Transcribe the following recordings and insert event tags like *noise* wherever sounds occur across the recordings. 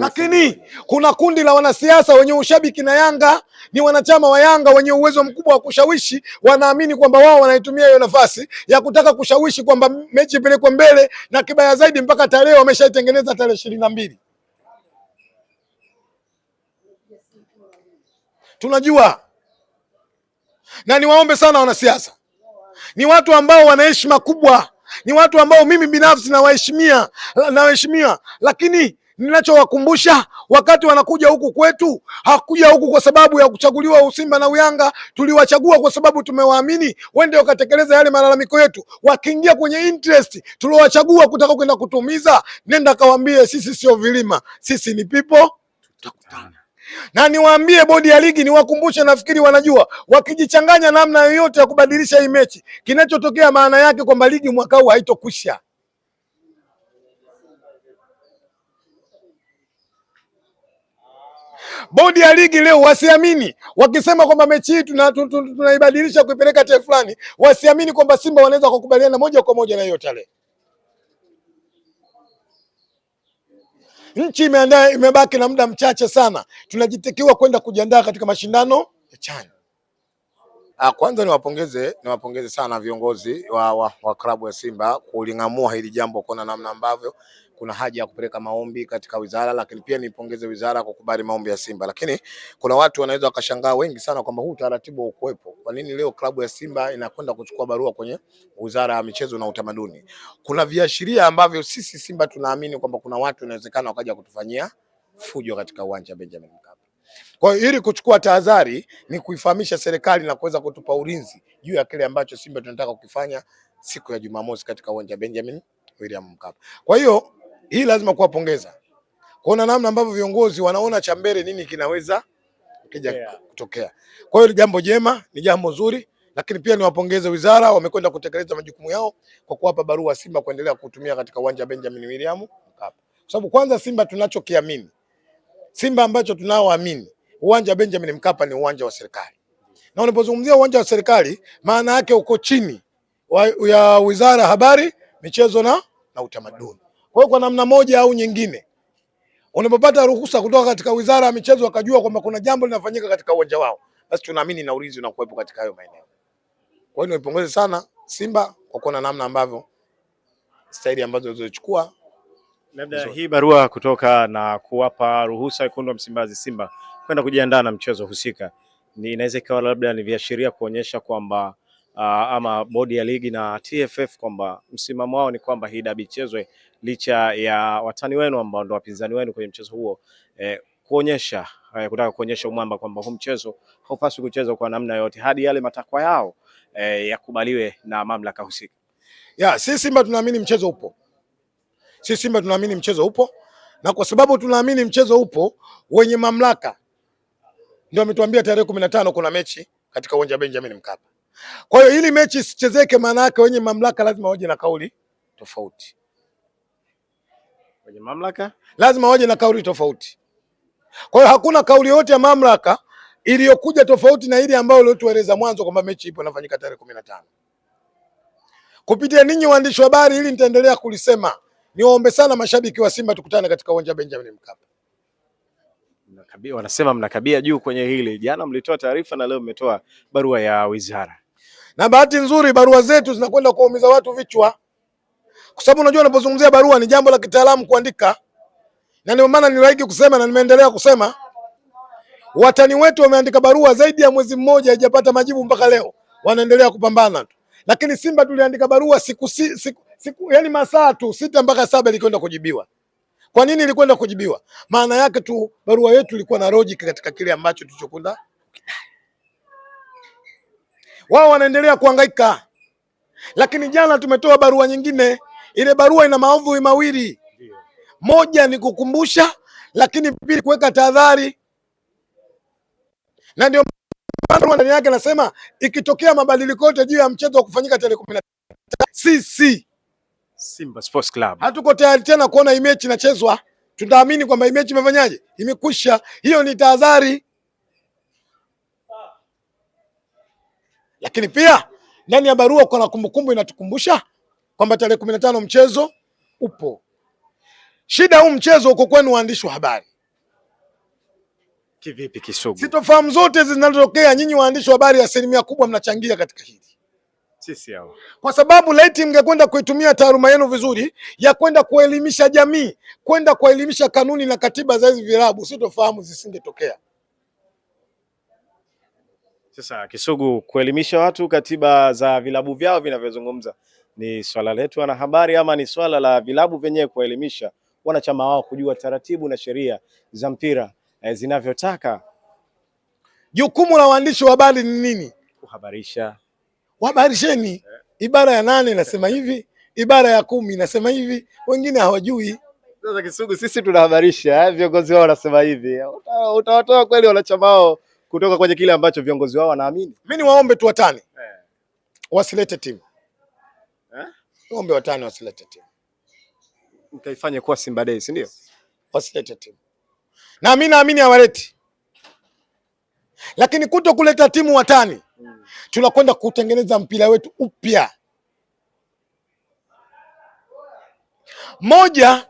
Lakini kuna kundi la wanasiasa wenye ushabiki na Yanga, ni wanachama wa Yanga wenye uwezo mkubwa wa kushawishi, wanaamini kwamba wao wanaitumia hiyo nafasi ya kutaka kushawishi kwamba mechi ipelekwe mbele, na kibaya zaidi mpaka tarehe wameshaitengeneza tarehe ishirini na mbili. Tunajua na niwaombe sana wanasiasa, ni watu ambao wana heshima kubwa, ni watu ambao mimi binafsi nawaheshimia, nawaheshimia, lakini ninachowakumbusha wakati wanakuja huku kwetu, hakuja huku kwa sababu ya kuchaguliwa Usimba na Uyanga. Tuliwachagua kwa sababu tumewaamini wende wakatekeleza yale malalamiko yetu. Wakiingia kwenye interest tuliowachagua kutaka kwenda kutumiza, nenda kawambie sisi sio vilima, sisi ni tutakutana na niwaambie bodi ya ligi, niwakumbushe, nafikiri wanajua, wakijichanganya namna yoyote ya kubadilisha hii mechi, kinachotokea maana yake kwamba ligi mwaka huu haitokwisha. Bodi ya ligi leo wasiamini, wakisema kwamba mechi hii tunaibadilisha kuipeleka tarehe fulani, wasiamini kwamba Simba wanaweza kukubaliana moja kwa moja na hiyo tarehe. Nchi imeandaa imebaki na muda mchache sana, tunajitakiwa kwenda kujiandaa katika mashindano ya CHAN. Ah, kwanza niwapongeze niwapongeze sana viongozi wa, wa, wa klabu ya Simba kuling'amua hili jambo kuona namna ambavyo kuna haja ya kupeleka maombi katika wizara, lakini pia nipongeze wizara kwa kukubali maombi ya Simba. Lakini kuna watu wanaweza wakashangaa wengi sana kwamba huu utaratibu haukuwepo. Kwa nini leo klabu ya Simba inakwenda kuchukua barua kwenye wizara ya michezo na utamaduni? Kuna viashiria ambavyo sisi Simba tunaamini kwamba kuna watu inawezekana wakaja kutufanyia fujo katika uwanja Benjamin Mkapa. Kwa hiyo ili kuchukua tahadhari ni kuifahamisha serikali na kuweza kutupa ulinzi juu ya kile ambacho Simba tunataka kukifanya siku ya Jumamosi katika uwanja Benjamin William Mkapa. Kwa hiyo hii lazima kuwapongeza kuona namna ambavyo viongozi wanaona cha mbele nini kinaweza kija yeah, kutokea. Kwa hiyo ni jambo jema, ni jambo zuri, lakini pia niwapongeze wizara, wamekwenda kutekeleza majukumu yao kwa kuwapa barua Simba kuendelea kutumia katika uwanja wa Benjamin William Mkapa, kwa sababu kwanza Simba tunachokiamini, Simba ambacho tunaoamini, uwanja wa Benjamin Mkapa ni uwanja wa serikali, na unapozungumzia uwanja wa serikali maana yake uko chini ya wizara ya habari, michezo na na utamaduni. Kwa hiyo kwa namna moja au nyingine, unapopata ruhusa kutoka katika wizara ya michezo, wakajua kwamba kuna jambo linafanyika katika uwanja wao, basi tunaamini na ulinzi unakuwepo katika hayo maeneo. Kwa hiyo niwapongeze sana Simba kwa kuona namna ambavyo staili ambazo walizochukua labda hii barua kutoka na kuwapa ruhusa wekundu wa Msimbazi Simba kwenda kujiandaa na mchezo husika, ni inaweza ikawa labda ni viashiria kuonyesha kwamba uh, ama bodi ya ligi na TFF kwamba msimamo wao ni kwamba hii dabi ichezwe licha ya watani wenu ambao ndio wapinzani wenu kwenye mchezo huo eh, kuonyesha eh, kutaka kuonyesha umwamba kwamba huu mchezo haupaswi kuchezwa kwa namna yoyote hadi yale matakwa yao eh, yakubaliwe na mamlaka husika. Ya, sisi Simba tunaamini mchezo upo. Sisi Simba tunaamini mchezo upo na kwa sababu tunaamini mchezo upo, wenye mamlaka ndio ametuambia tarehe kumi na tano kuna mechi katika uwanja wa Benjamin Mkapa. Kwa hiyo ili mechi isichezeke, maana yake wenye mamlaka lazima waje na kauli tofauti, wenye mamlaka lazima waje na kauli tofauti. Kwa hiyo hakuna kauli yoyote ya mamlaka iliyokuja tofauti na ile ambayo uliotueleza mwanzo kwamba mechi ipo inafanyika tarehe kumi na tano. Kupitia ninyi waandishi wa habari, ili nitaendelea kulisema. Niwaombe sana mashabiki wa Simba, tukutane katika uwanja wa Benjamin Mkapa. Mnakabia, wanasema mnakabia juu kwenye hili. Jana mlitoa taarifa na leo mmetoa barua ya wizara na bahati nzuri barua zetu zinakwenda kuumiza watu vichwa, kwa sababu unajua unapozungumzia barua ni jambo la kitaalamu kuandika, na ndio maana niliwaiki kusema na nimeendelea kusema, watani wetu wameandika barua zaidi ya mwezi mmoja haijapata majibu mpaka leo, wanaendelea kupambana tu. Lakini Simba tuliandika barua siku, siku, siku siku yani masaa tu sita mpaka saba likwenda kujibiwa. Kwa nini ilikwenda kujibiwa? Maana yake tu barua yetu ilikuwa na logic katika kile ambacho tulichokwenda wao wanaendelea kuhangaika. Lakini jana tumetoa barua nyingine, ile barua ina maudhui mawili, moja ni kukumbusha, lakini pili kuweka tahadhari, na ndio ndani yake nasema ikitokea mabadiliko yote juu ya mchezo wa kufanyika tarehe kumi na tisa sisi Simba Sports Club hatuko tayari tena kuona imechi inachezwa. Tutaamini kwamba imechi imefanyaje, imekwisha. Hiyo ni tahadhari. Lakini pia ndani ya barua kuna kumbukumbu inatukumbusha kwamba tarehe kumi na tano mchezo upo. Shida huu mchezo uko kwenu waandishi wa habari. Kivipi Kisugu? Sitofahamu zote zinazotokea, nyinyi waandishi wa habari asilimia kubwa mnachangia katika hili. Sisi hao. Kwa sababu laiti mngekwenda kuitumia taaluma yenu vizuri ya kwenda kuelimisha jamii, kwenda kuelimisha kanuni na katiba za hizi vilabu, sitofahamu zisingetokea. Sasa Kisugu, kuelimisha watu katiba za vilabu vyao vinavyozungumza ni swala letu wanahabari, ama ni swala la vilabu vyenyewe kuwaelimisha wanachama wao kujua taratibu na sheria za mpira eh, zinavyotaka? Jukumu la waandishi wa habari ni nini? Kuhabarisha. Wahabarisheni eh. Ibara ya nane inasema hivi, ibara ya kumi inasema hivi, wengine hawajui. Sasa Kisugu, sisi tunahabarisha, eh? viongozi wao wanasema hivi, utawatoa kweli wanachama wao kutoka kwenye kile ambacho viongozi wao wanaamini. Mimi ni waombe tu watani eh, wasilete timu eh? Waombe watani wasilete timu, mtaifanye kuwa Simba Day, si ndio? Wasilete timu na mimi naamini hawaleti, lakini kuto kuleta timu watani hmm, tunakwenda kutengeneza mpira wetu upya. Moja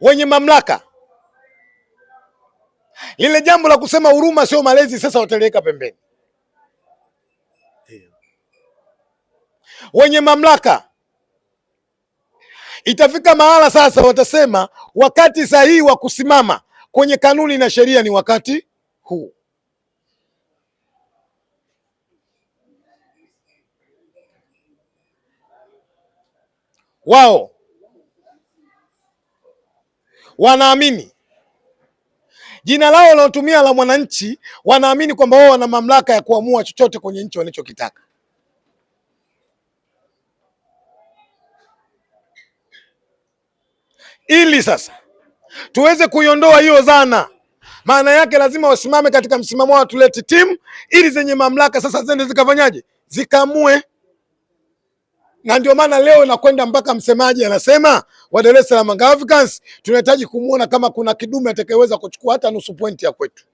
wenye mamlaka lile jambo la kusema huruma sio malezi, sasa wataliweka pembeni. Wenye mamlaka itafika mahala sasa watasema wakati sahihi wa kusimama kwenye kanuni na sheria ni wakati huu. Wao wanaamini jina lao wanaotumia la mwananchi, wanaamini kwamba wao wana mamlaka ya kuamua chochote kwenye nchi wanachokitaka. Ili sasa tuweze kuiondoa hiyo dhana, maana yake lazima wasimame katika msimamo wao, tulete timu ili zenye mamlaka sasa zende zikafanyaje, zikamue na ndio maana leo nakwenda mpaka msemaji anasema wa Dar es Salaam Africans tunahitaji kumwona kama kuna kidume atakayeweza kuchukua hata nusu pointi ya kwetu.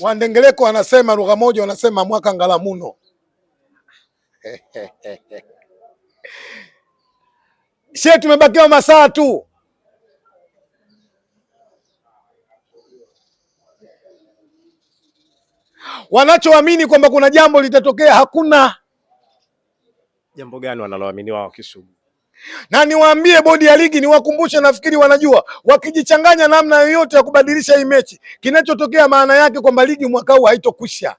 Wandengeleko wanasema lugha moja, wanasema mwaka ngalamuno *laughs* shee tumebakiwa masaa tu wanachoamini kwamba kuna jambo litatokea. Hakuna jambo gani wanaloaminiwa wakisugu na niwaambie bodi ya ligi, niwakumbushe, nafikiri wanajua, wakijichanganya namna yoyote ya kubadilisha hii mechi, kinachotokea maana yake kwamba ligi mwaka huu haitokwisha.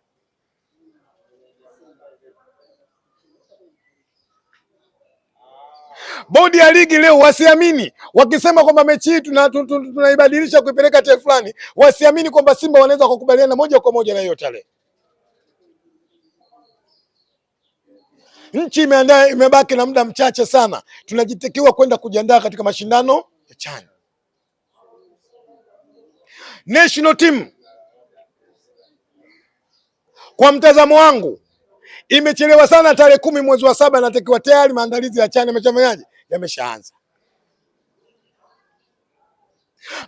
Bodi ya ligi leo wasiamini, wakisema kwamba mechi hii tunaibadilisha kuipeleka tarehe fulani, wasiamini kwamba Simba wanaweza kukubaliana moja kwa moja na hiyo tarehe. Nchi imeandaa imebaki na muda mchache sana, tunajitakiwa kwenda kujiandaa katika mashindano ya CHAN. National team kwa mtazamo wangu imechelewa sana. Tarehe kumi mwezi wa saba natakiwa tayari maandalizi ya CHAN ameshafanyaje yameshaanza.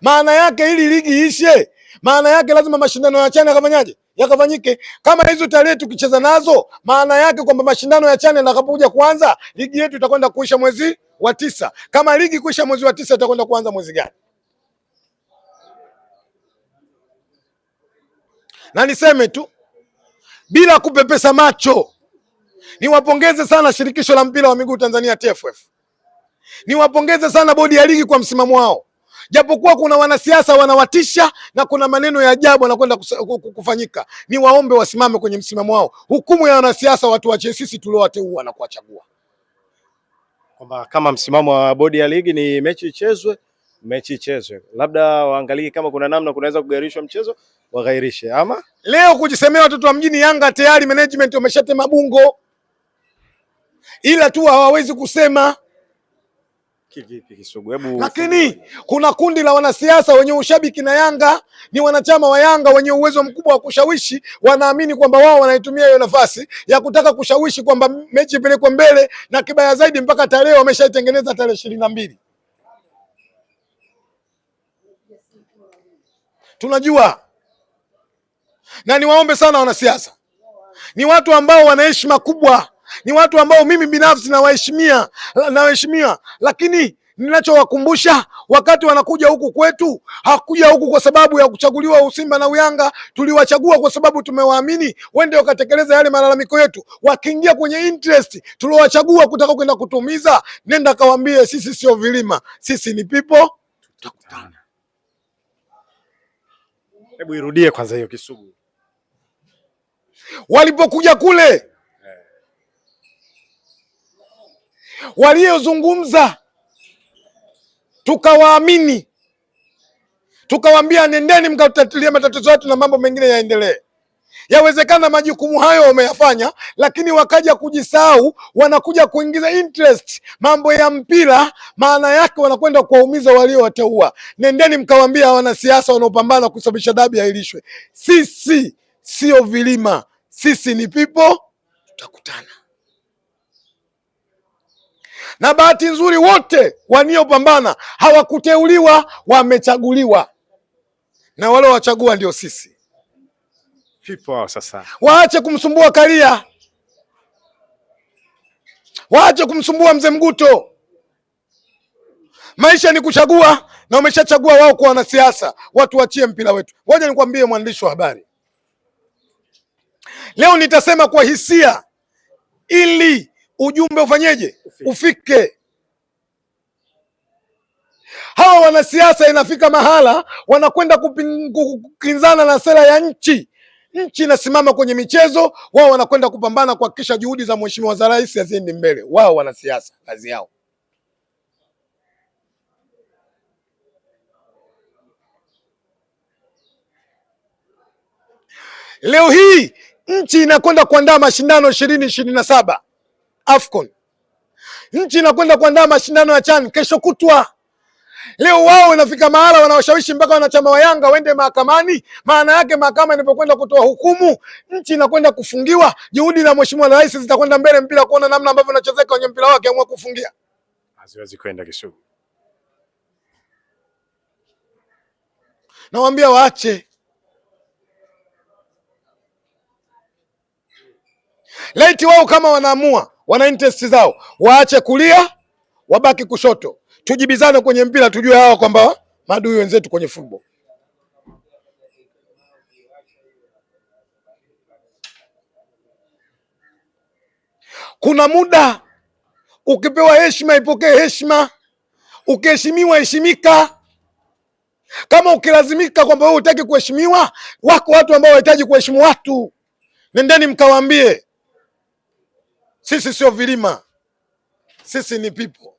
Maana yake ili ligi ishe, maana yake lazima mashindano ya chani yakafanyaje, yakafanyike. Kama hizo tarehe tukicheza nazo, maana yake kwamba mashindano ya chani yanakapokuja kuanza, ligi yetu itakwenda kuisha mwezi wa tisa. Kama ligi kuisha mwezi wa tisa, itakwenda kuanza mwezi gani? Na niseme tu bila kupepesa macho, niwapongeze sana shirikisho la mpira wa miguu Tanzania TFF Niwapongeze sana bodi ya ligi kwa msimamo wao, japokuwa kuna wanasiasa wanawatisha na kuna maneno ya ajabu anakwenda kufanyika. Niwaombe wasimame kwenye msimamo wao. Hukumu ya wanasiasa watuachie sisi tuliowateua na kuwachagua, kwamba kama msimamo wa bodi ya ligi ni mechi ichezwe mechi ichezwe, labda waangalie kama kuna namna kunaweza kugairishwa mchezo waghairishe. Ama leo kujisemea watoto wa mjini Yanga tayari management wameshatema bungo, ila tu hawawezi kusema Kivipi Kisugu? Hebu lakini kuna kundi la wanasiasa wenye ushabiki na Yanga, ni wanachama wa Yanga wenye uwezo mkubwa wa kushawishi, wanaamini kwamba wao wanaitumia hiyo nafasi ya kutaka kushawishi kwamba mechi ipelekwe mbele, na kibaya zaidi mpaka tarehe wameshaitengeneza tarehe ishirini na mbili. Tunajua na niwaombe sana wanasiasa, ni watu ambao wana heshima kubwa ni watu ambao mimi binafsi nawaheshimia, nawaheshimia, lakini ninachowakumbusha wakati wanakuja huku kwetu, hakuja huku kwa sababu ya kuchaguliwa Usimba na Uyanga. Tuliwachagua kwa sababu tumewaamini, wende wakatekeleza yale malalamiko yetu. Wakiingia kwenye interest tuliowachagua kutaka kwenda kutumiza, nenda kawambie sisi sio vilima, sisi ni pipo, tutakutana. Hebu irudie kwanza hiyo Kisugu, walipokuja kule waliozungumza tukawaamini, tukawaambia nendeni mkatatilia matatizo yetu na mambo mengine yaendelee. Yawezekana majukumu hayo wameyafanya, lakini wakaja kujisahau, wanakuja kuingiza interest mambo ya mpira. Maana yake wanakwenda kuwaumiza waliowateua. Nendeni mkawaambia wanasiasa wanaopambana kusababisha dabi yailishwe, sisi sio vilima, sisi ni pipo, tutakutana. Na bahati nzuri wote waniopambana hawakuteuliwa, wamechaguliwa, na wale wachagua ndio sisi. sasa, waache kumsumbua Karia, waache kumsumbua mzee Mguto. Maisha ni kuchagua, na umeshachagua wao kuwa wanasiasa. Watu wachie mpira wetu. Ngoja nikwambie, mwandishi wa habari, leo nitasema kwa hisia ili ujumbe ufanyeje? Ufike. Hawa wanasiasa inafika mahala wanakwenda kukinzana na sera ya nchi. Nchi inasimama kwenye michezo, wao wanakwenda kupambana kuhakikisha juhudi za mheshimiwa za rais haziendi mbele. Wao wanasiasa kazi yao. Leo hii nchi inakwenda kuandaa mashindano ishirini ishirini na saba. AFCON. Nchi inakwenda kuandaa mashindano ya CHAN kesho kutwa. Leo wao wanafika mahala wanawashawishi mpaka wanachama wa Yanga waende mahakamani. Maana yake mahakama inapokwenda kutoa hukumu, nchi inakwenda kufungiwa. Juhudi za mheshimiwa rais zitakwenda mbele mpira, kuona namna ambavyo anachezeka kwenye mpira wake, amua kufungia, haziwezi kwenda Kisugu. Nawaambia waache. Laiti wao kama wanaamua wana interest zao, waache kulia wabaki kushoto, tujibizane kwenye mpira, tujue hawa kwamba maadui wenzetu kwenye football. Kuna muda ukipewa heshima ipokee heshima, ukiheshimiwa heshimika. Kama ukilazimika kwamba wewe hutaki kuheshimiwa, wako watu ambao wahitaji kuheshimu watu. Nendeni mkawaambie sisi sio vilima, sisi ni people.